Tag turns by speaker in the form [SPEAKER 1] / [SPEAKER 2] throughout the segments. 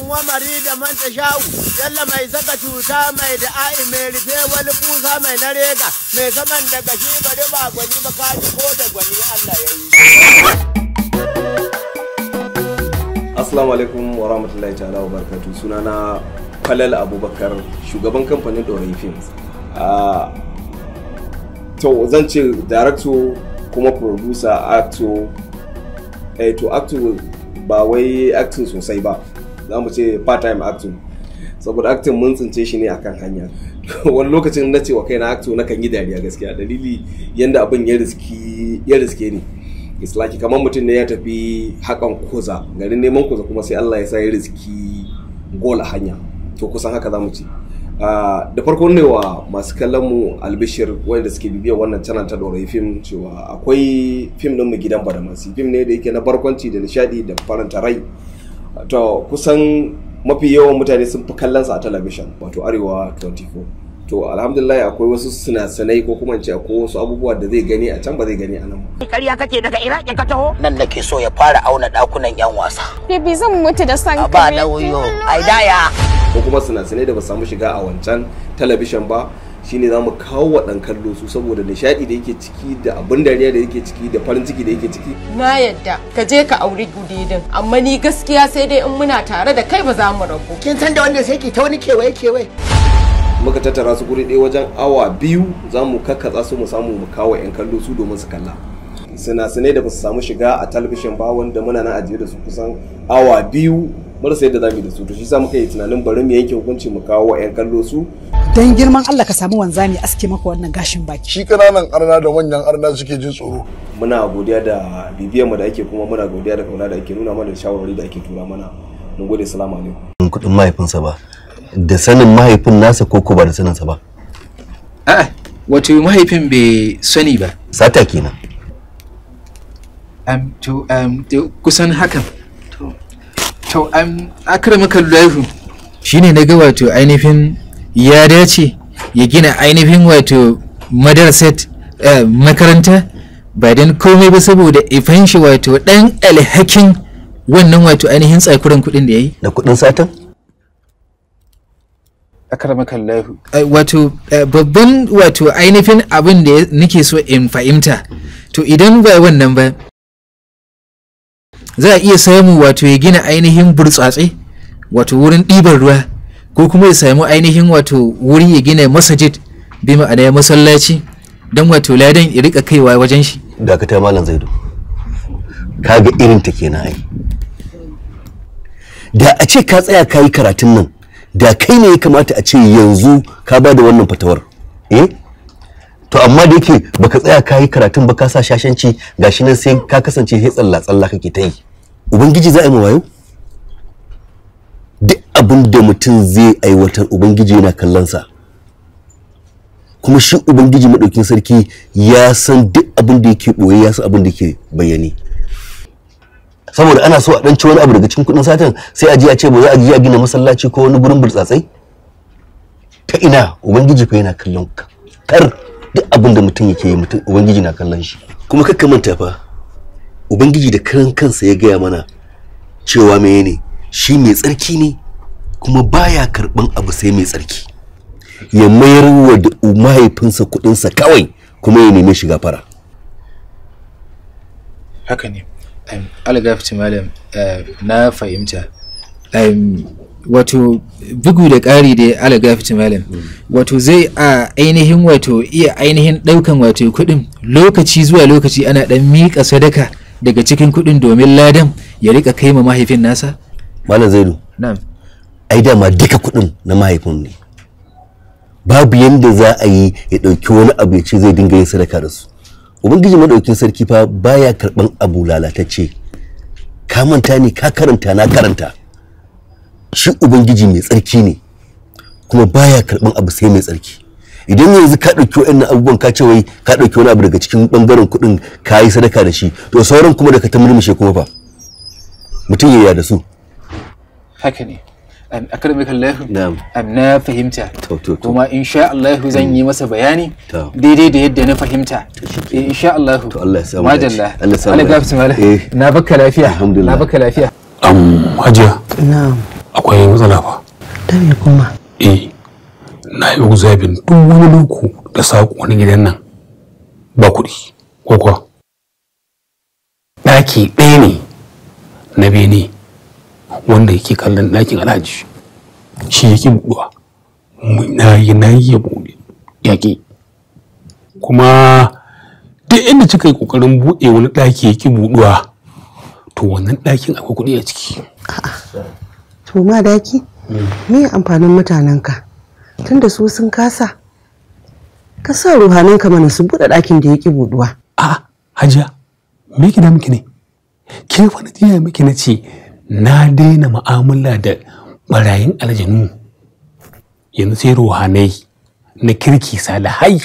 [SPEAKER 1] kamari da man
[SPEAKER 2] sha'u yalla mai saka cuta mai da'a'i mai rufe wani kusa mai na rega mai saman da gashi bari ba gwani ba kaji ko da gwani Allah ya yi.
[SPEAKER 3] Assalamu alaikum wa rahmatullahi ta'ala wa barakatu sunana falal abubakar shugaban kamfanin dorayi films ah, to zan ce director kuma producer acto eh to acto ba wai acting sosai ba za mu ce part time acting saboda acting mun tsince shi ne akan hanya wani lokacin na ce wa na, acto na kan yi dariya gaskiya dalili yadda abin ya riske ne is like kamar mutum ne ya tafi hakan koza garin neman koza kuma sai Allah ya sa ya riski gola hanya to kusan haka za mu ci ah, da farko ne wa masu kallon mu albishir wanda suke bibiyar wannan channel ta dorai fim cewa akwai fim din mu gidan badamasi fim ne da yake na barkwanci da nishadi da faranta rai to kusan mafi yawan mutane sun fi kallon sa a talabishin wato arewa 24 to alhamdulillah akwai wasu sinasanai ko kuma ce akwai wasu abubuwa da zai gani a can ba zai gani a nan
[SPEAKER 2] ba kariya kake daga iraki ka taho
[SPEAKER 3] nan nake so ya fara auna dakunan yan wasa
[SPEAKER 2] bibi zan mutu da san ba na wuyo ai daya
[SPEAKER 3] ko kuma sinasanai da ba samu shiga a wancan talabishin ba shine za mu kawo wa ɗan kallo su saboda nishaɗi da yake ciki da abin dariya da yake ciki da farin ciki da yake ciki.
[SPEAKER 2] Na yadda ka je ka auri gudidin amma ni gaskiya sai dai in muna tare da kai ba za mu rabu. Kin san da wanda sai ke ta wani kewaye kewaye.
[SPEAKER 3] muka tattara su guri ɗaya wajen awa biyu za mu kakkatsa su mu samu mu kawo 'yan kallo su domin su kalla sinasinai da ba su samu shiga a talabishin ba wanda muna na ajiye da su kusan awa biyu marasa yadda za mu yi da su to shi sa muka yi tunanin bari mu yanke hukunci mu kawo 'yan kallo su dan girman Allah ka samu wanzami aske maka wannan gashin baki shi kananan arna da manyan arna suke jin tsoro muna godiya da bibiyar mu da ake kuma muna godiya da kauna da ake nuna mana da shawarwari da ake tura mana mun gode salamu alaikum
[SPEAKER 4] kudin mahaifinsa ba da sanin mahaifin nasa ko ko ba da saninsa ba
[SPEAKER 5] a'a eh, wato mahaifin bai sani ba sata kenan um, to um, kusan hakan to to um, akramaka Shi shine na ga wato ainihin ya dace ya gina ainihin wato madrasat uh, eh, makaranta ba don komai ba saboda ifan shi wato dan alhakin wannan wato ainihin tsakuran kuɗin da ya yi da kuɗin satan Eh, wato eh, babban wato ainihin abin da nake so in fahimta to idan ba wannan ba za a iya samu wato ya gina ainihin burtsatse wato wurin ɗibar ruwa ko kuma ya samu ainihin wato wuri ya gina masajid bi ma'ana ya masallaci don wato ladan ya rika kaiwa wajen shi da ka tai malam zaidu
[SPEAKER 4] kaga irin ta kenan ai da a ce ka tsaya ka yi karatun nan da kai ne ya kamata a ce yanzu ka ba da wannan fatawar E, to amma da yake baka tsaya ka yi karatun ba ka sa shashanci gashi nan sai ka kasance sai tsalla tsalla kake ta yi ubangiji za a yi ma wayo duk abin da mutum zai aiwatar ubangiji yana kallon sa kuma shi ubangiji madaukin sarki ya san duk abin da yake ɓoye ya san abin da yake bayani saboda ana so a dan ci wani abu daga cikin kuɗin satan sai a ji a ce ba za a ji a gina masallaci ko wani gurin burtsatsai ta ina ubangiji fa yana kallon ka kar duk abin da mutum yake yi mutum ubangiji na kallon shi kuma kakka manta fa ubangiji da karan kansa ya gaya mana cewa menene shi mai tsarki ne kuma baya karɓan abu sai mai tsarki ya mayar wa da mahaifinsa kuɗinsa kawai kuma ya neme shiga fara
[SPEAKER 5] haka ne algafti malam eh, na fahimta wato bugu da ƙari da algafti malam wato zai a ainihin wato iya ainihin ɗaukan wato kuɗin lokaci zuwa lokaci ana ɗan miƙa sadaka daga cikin kuɗin domin ladan ya rika kai ma mahaifin nasa malam zaidu na'am
[SPEAKER 4] ai dama duka kuɗin na mahaifin ne babu yadda za a yi ya ɗauki wani abu ya ce zai dinga yin sadaka da su ubangiji maɗaukin sarki fa baya karban abu lalatacce ka manta ni ka karanta na karanta shi ubangiji mai tsarki ne kuma baya karban abu sai mai tsarki idan yanzu ka ɗauki wa'annan abubuwan ka ce wai ka ɗauki wani abu daga cikin ɓangaren kuɗin ka yi sadaka da shi to sauran kuma da ka ta murmushe kuma fa mutum ya da su
[SPEAKER 5] haka ne akademikallahu na fahimta kuma insha Allah zan mm. yi masa bayani daidai da yadda na fahimta insha Allah majalla Allah gafi mala eh. na
[SPEAKER 4] baka lafiya na baka lafiya am hajiya na'am akwai matsala ba.
[SPEAKER 5] da me kuma
[SPEAKER 6] eh na yi zabin duk wani loko da saƙo wani gidan nan ba kuɗi ko kuwa ɗaki ɗaya ne na bene wanda yake kallon ɗakin alhaji shi yake buɗuwa na yi na yi ya buɗe yaƙi kuma duk inda kika yi ƙoƙarin buɗe wani ɗaki yake buɗuwa to wannan ɗakin akwai kuɗi a ciki
[SPEAKER 5] to ma daki
[SPEAKER 2] me amfanin mutanenka tunda su sun kasa ka sa ruhananka mana su buɗe ɗakin da yake buɗuwa
[SPEAKER 6] a'a hajiya me ki da miki ne ke wani jiya miki na ce na daina mu'amala da barayin aljanu yanzu sai ruhanai na kirki salihai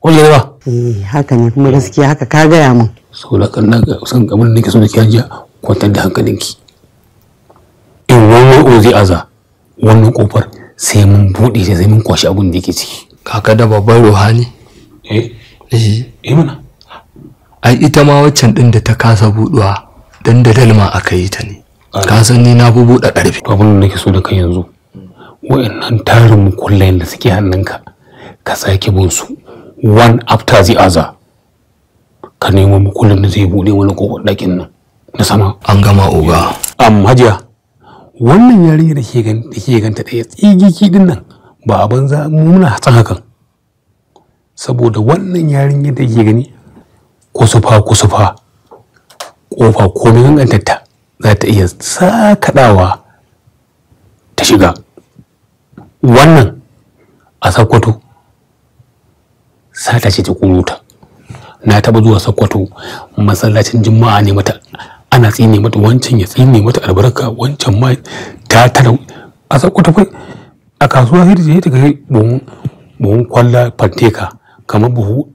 [SPEAKER 6] kullum ba eh haka ne kuma gaskiya haka ka gaya mun. sau da kan naga san kamar nake so da kyan jiya kwantar da hankalinki in wani o zai aza wannan kofar sai mun bude sai mun kwashe abin da yake ciki kaka da babban ruhani eh eh, eh mana ai ita ma waccan din da ta kasa buduwa dan da dalma aka yi ta ne ka san ni na da ƙarfi to abin da nake so da kai yanzu wayannan tarin kullayen da suke hannunka ka sake bin su one after the other ka nemo mukullin da zai buɗe wani kofar ɗakin nan na sama an gama oga am hajiya wannan yarinya da ke ganta da ke ganta ɗaya tsigiki din nan ba a banza muna hatsa hakan saboda wannan yarinya da ke gani kusufa kusufa kofa komai gangantarta za ta iya sakaɗawa ta shiga wannan a sakkwato sata ce ta kuruta na taɓa zuwa sakkwato masallacin juma'a ne mata ana tsine mata wancan ya tsine mata albarka wancan ma ta tara a sakkwato fai a kasuwa sai ta ga buhun kwalla fanteka kamar buhu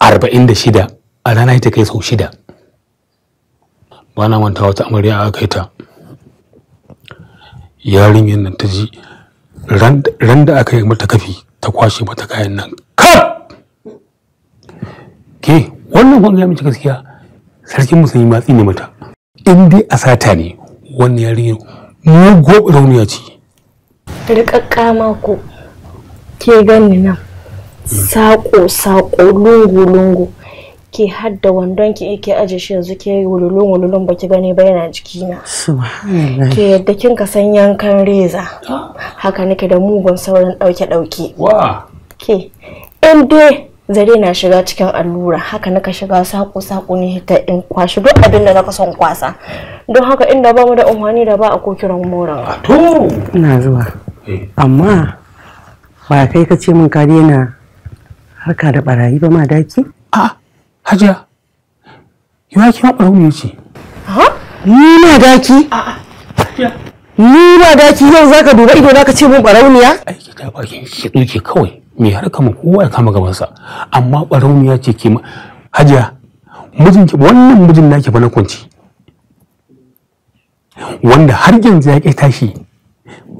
[SPEAKER 6] arba'in da shida a rana ta kai sau shida ba na manta wata amarya aka yi ta yarinyar nan ta ji ran da aka yi mata kafi ta kwashe mata kayan nan kaf ke wannan kwan gami gaskiya sarkin musulmi matsi tsine mata in dai a sata ne wannan yarinyar mugu rauniya ce
[SPEAKER 2] rikakka ku, ke gani nan sako sako lungu-lungu ke hadda wandon ki yake aje shi yanzu ke wululun wululun baki gani ba yana jiki na. ke yadda kin ka san yankan reza ah. haka nake da mugun sauran dauke dauke ke in dai zare na shiga cikin allura haka naka shiga sako sako ne ta in kwashi duk abin da naka son kwasa don haka inda ba mu da umarni da ba a ko kiran moran
[SPEAKER 1] to ina zuwa eh. amma ba kai ka ce min ka daina harka da barayi ba ma daki a ah, Hajiya, yawa ki ma ɓarauniya ce. Ni ma daki? Ni ma daki yau za ka duba ido na ka ce mun ɓarauniya? Aiki ta
[SPEAKER 6] bakin shi ɗauke kawai. Me har kama kowa ya kama gabansa. Amma ɓarauniya ce ke ma. Hajiya, ki wannan mijin naki ba na kwanci. Wanda har yanzu ya ƙi tashi.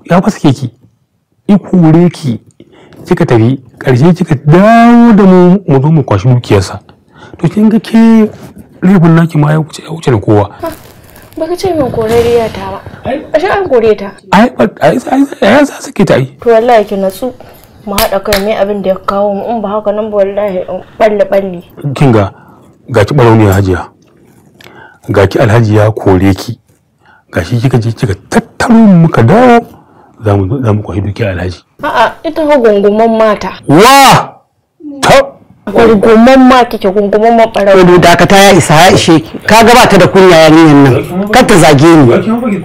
[SPEAKER 6] Ya fasa ki. kore ki. Kika tafi, ƙarshe kika dawo da mu mu zo mu kwashi dukiyarsa. to kin ga ke laifin naki ma ya wuce ya wuce da kowa
[SPEAKER 2] ah, ka ce min korariya ta ba a shi an kore ta
[SPEAKER 6] ai ai ai sa suke ta yi
[SPEAKER 2] to wallahi ki natsu mu haɗa kai mai abin da ya kawo mu in ba haka nan ba wallahi balle balle
[SPEAKER 6] kin ga ga ki barauniya hajiya ga ki alhaji ya kore ki ga shi kika je kika tattaro muka dawo za mu kwashi duki alhaji
[SPEAKER 2] a'a ita ha gunguman mata wa ta gunguman ma kike gunguman ma barau to dakata
[SPEAKER 6] ya isa ya ishe ka gabata da kunya yarinyan nan kar ta zage ni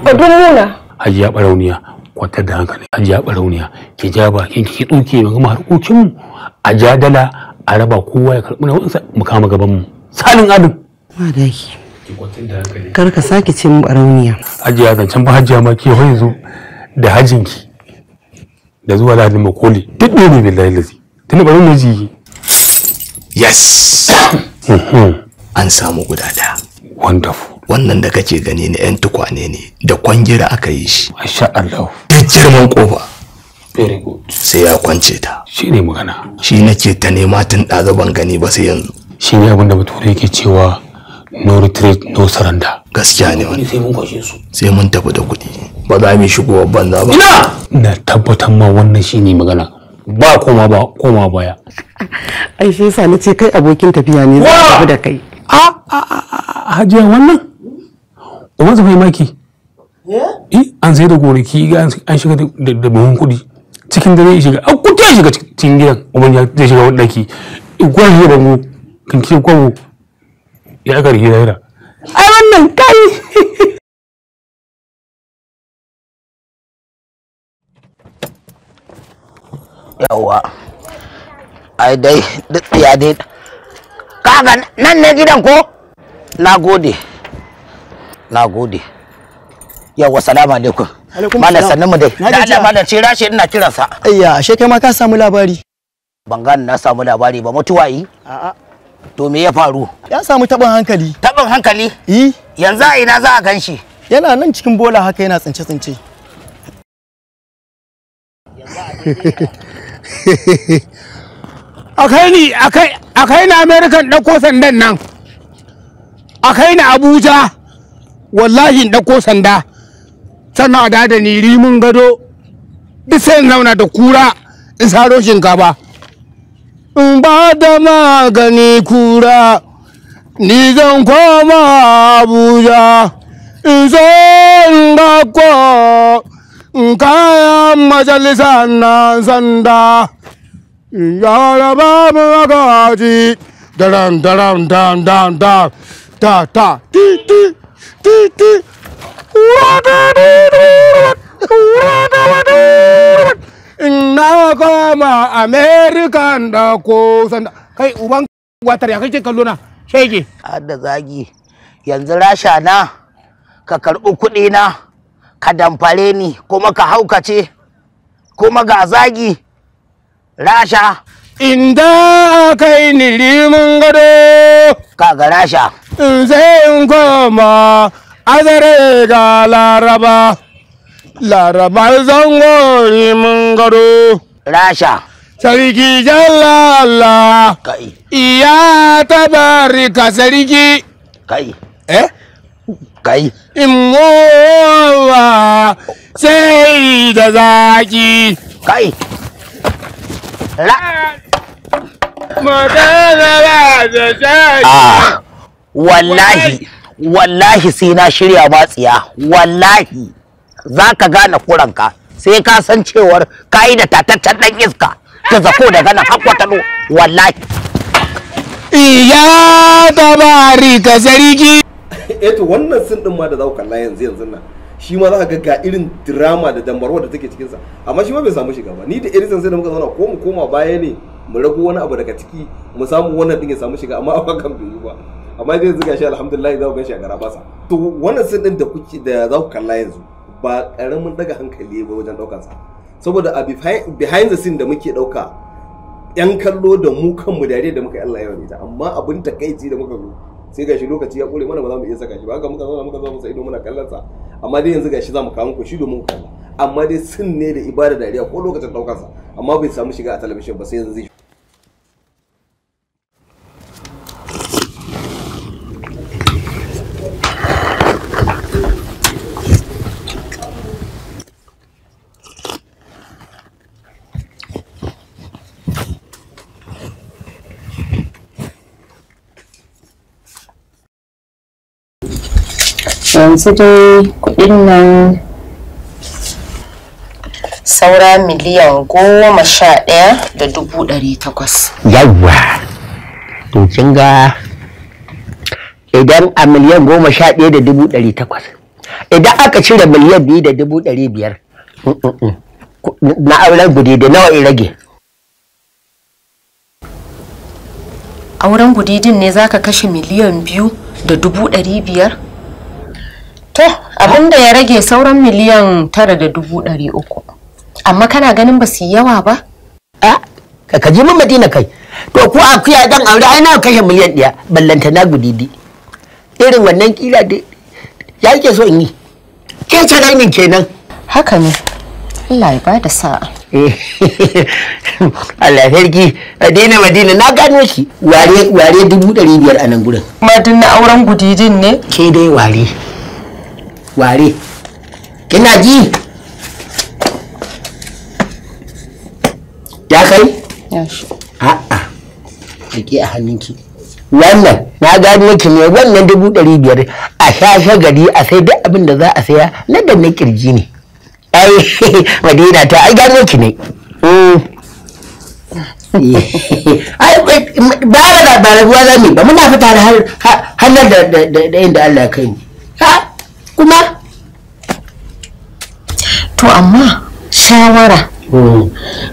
[SPEAKER 5] ka dumuna
[SPEAKER 6] hajiya barauniya kwantar da hankali hajiya barauniya ki ja bakin ki tsuke mu kuma harkokin mu a dala a raba kowa ya karbi na wansa mu kama gaban mu
[SPEAKER 4] salin adam madaki kar ka sake cin barauniya
[SPEAKER 6] hajiya zancen ba hajiya ma ke yanzu da hajinki da zuwa lahadin makoli duk ne ne billahi lazi tuni barauniya ji yes an samu guda daya wonderful wannan da kake gani ne yan tukwane ne da kwangira aka yi shi masha Allah Da girman kofa very good sai ya kwance ta shi ne magana shi nake ta nema tun ɗazu ban gani ba sai yanzu shi ne abin da bature yake cewa no retreat no surrender gaskiya ne wani sai mun kwashe su sai mun tafi da kuɗi ba za mu shigo banza ba ina na tabbatar ma wannan shi ne magana ba koma ba koma baya ai shi yasa nace kai abokin tafiya ne zai tafi da kai a a hajiya wannan umar zafai maki eh an sai da ga an shiga da buhun kudi cikin dare shiga a kudi ya shiga cikin gidan umar zai shiga wani daki gwan shi da mu kan kishin kwamo ya aka rike da
[SPEAKER 1] ai wannan kai
[SPEAKER 3] yawwa
[SPEAKER 2] ai dai duk tsiya dai kaga nan ne gidan ko na gode na gode yawwa salamu alaikum malam sannu mu dai da Allah malam ce rashi ina kiransa
[SPEAKER 4] ayya ashe kai ma ka samu labari
[SPEAKER 2] ban ga na samu labari ba mutuwa yi a'a to me ya faru ya samu tabin hankali tabin hankali eh yanzu a ina za a gan shi yana nan cikin bola haka yana tsince tsince
[SPEAKER 1] akai ni akai akai na american ɗauko sandan nan akai na abuja wallahi ɗauko sanda sannan a dada ni rimin gado duk sai in zauna da kura in saro shinkafa in ba da magani kura ni zan koma abuja in zo in ko. kayan majalisa na sanda yara babu magaji daram daram dam dam dam ta ta ti ti ti ti ina kama Amerikan da ko sanda kai uban watar ya kake kallo na shege har zagi
[SPEAKER 2] yanzu rasha na ka karɓi kuɗi na ka damfare ni kuma ka haukace kuma ga zagi rasha
[SPEAKER 1] inda aka ni limin gado
[SPEAKER 2] kaga rasha
[SPEAKER 1] in zai in koma azare ga laraba laraba zango limin gado rasha sarki jalala kai iya tabarika sarki kai eh kai imo sai da zaki kai
[SPEAKER 5] ah. wallahi
[SPEAKER 2] wallahi sai na shirya matsiya wallahi za ka gane kuranka sai ka san cewar ka yi da tataccen ɗan iska ta zako daga nan har kwatano wallahi iya tabari ta sarki
[SPEAKER 3] eto eh wannan sun ɗin ma da za ku kalla yanzu yanzu nan shi ma za ka ga irin drama da dambarwa da take cikinsa amma shi ma bai samu shiga ba ni da irin sai da muka zauna ko mu koma baya ne mu rago wani abu daga ciki mu samu wannan din ya samu shiga amma a kan bai yi ba amma dai zuga shi alhamdulillah za ku gashi a a garabasa to wannan sin din da kuke da za ku kalla yanzu ba karamin daga hankali ba wajen daukar sa saboda a behind the scene da muke dauka yan kallo da mu kanmu dare da muka yi Allah yawan ita amma abin takaici da muka zo sai gashi lokaci ya kure mana ba za mu iya saka shi ba haka muka zauna muka zauna sai idan muna kallon sa amma dai yanzu gashi za mu kawo ku shi domin kalla amma dai sun ne da ibada dariya ko lokacin daukar sa amma bai samu shiga a talabishin ba sai yanzu zai
[SPEAKER 1] yanzu dai kuɗin nan
[SPEAKER 2] saura miliyan goma sha ɗaya da dubu ɗari takwas. Yawwa! To kin ga idan a miliyan goma sha ɗaya da dubu ɗari takwas. Idan aka cire miliyan biyu da dubu ɗari biyar. Na auren gudi da nawa in rage. Auren gudidin ne zaka kashe miliyan biyu da dubu ɗari biyar? to abinda ya rage sauran miliyan tara da dubu ɗari uku amma kana ganin ba su yawa ba a ka ji min madina kai to ko akuya dan aure ai na kashe miliyan ɗaya ballanta na gudidi irin wannan kila da ya yake so in yi ke ta min kenan haka ne Allah ya bada sa'a Allah sarki Madina Madina na gano shi ware ware dubu ɗari biyar a nan gurin. Madina auren gudidin ne? Ke dai ware. ware kina ji ya kai a'a rike a hannunki wannan na gano yake ne wannan dubu ɗari biyar a shafe gari a sai duk abin da za a saya na da na kirji ne ai madina ta ai gano ki ne ba da ba ruwa zami ba muna fita da hannar da inda Allah kai ha kuma to amma shawara hmm.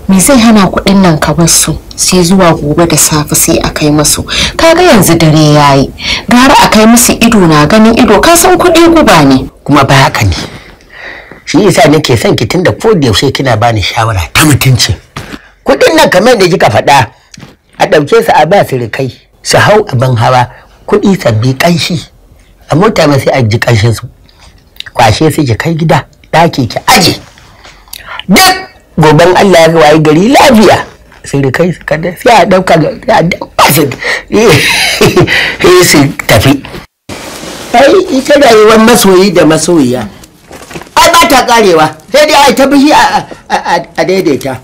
[SPEAKER 2] me zai hana kuɗin nan ka bar su sai zuwa gobe da safe sai a kai masu kaga yanzu dare yayi gara a kai musu ido na ganin ido ka san kuɗi guba ne kuma ba haka ne shi yasa nake son ki tunda ko da yaushe kina bani shawara ta mutunci kuɗin nan kamar da kika faɗa a ɗauke su a ba su rikai su hau abin hawa kuɗi sabbi ƙanshi a mota ma sai a ji ƙanshin su kwashe su ki kai gida ɗaki ki aje duk goben Allah ya wayi gari lafiya sai kai su kada sai a ɗauka ga a ɗauka su su tafi ai ita rayuwar masoyi da masoyiya ai ba ta karewa sai dai ai ta bishi a daidaita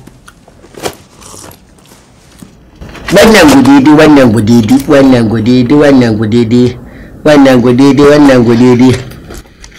[SPEAKER 2] wannan gudidi wannan gudidi wannan gudidi wannan gudidi wannan gudidi wannan gudidi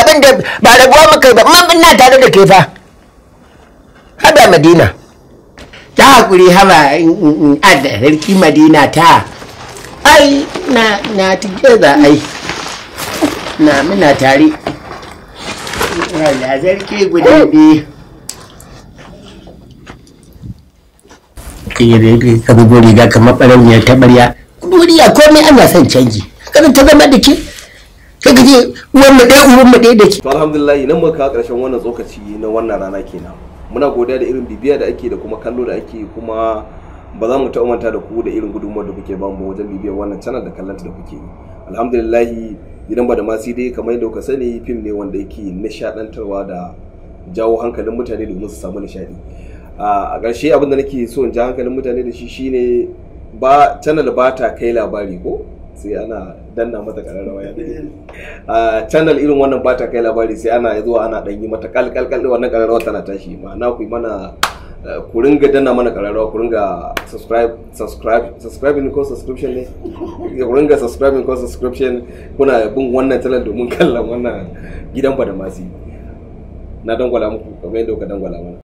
[SPEAKER 2] abin da ba rabuwa maka kai ba amma ina tare da ke fa haba madina ta hakuri haba in adda sarki madina ta ai na na tike da ai na muna tare Allah guda biyu kayyade ka bugo riga kamar ɓarauniyar taɓarya
[SPEAKER 3] duniya komai ana son canji kada ta zama da ke sai ka ce uwan mu ɗaya uban mu ɗaya da ke. alhamdulillah nan muka kawo ƙarshen wannan tsokaci na wannan rana kenan muna godiya da irin bibiya da ake da kuma kallo da ake kuma ba za mu ta umanta da ku da irin gudunmuwar da kuke ba mu wajen bibiyar wannan channel da kallanta da kuke yi alhamdulillah gidan ba da masu dai kamar yadda kuka sani fim ne wanda yake nishaɗantarwa da jawo hankalin mutane domin su samu nishaɗi a ƙarshe abin da nake so in ja hankalin mutane da shi shine ba channel ba ta kai labari ko sai ana danna mata kararrawa ya a channel irin wannan ba ta kai labari sai ana zuwa ana dan yi mata kalkalkal wannan kararrawa tana tashi ma'ana ku mana eh, ku ringa danna mana kararrawa ku ringa subscribe subscribe subscribing ko subscription ne ku ringa subscribing ko subscription kuna bin wannan channel domin kallon wannan gidan ba da masi na dangwala muku kamar yadda kuka dangwala mana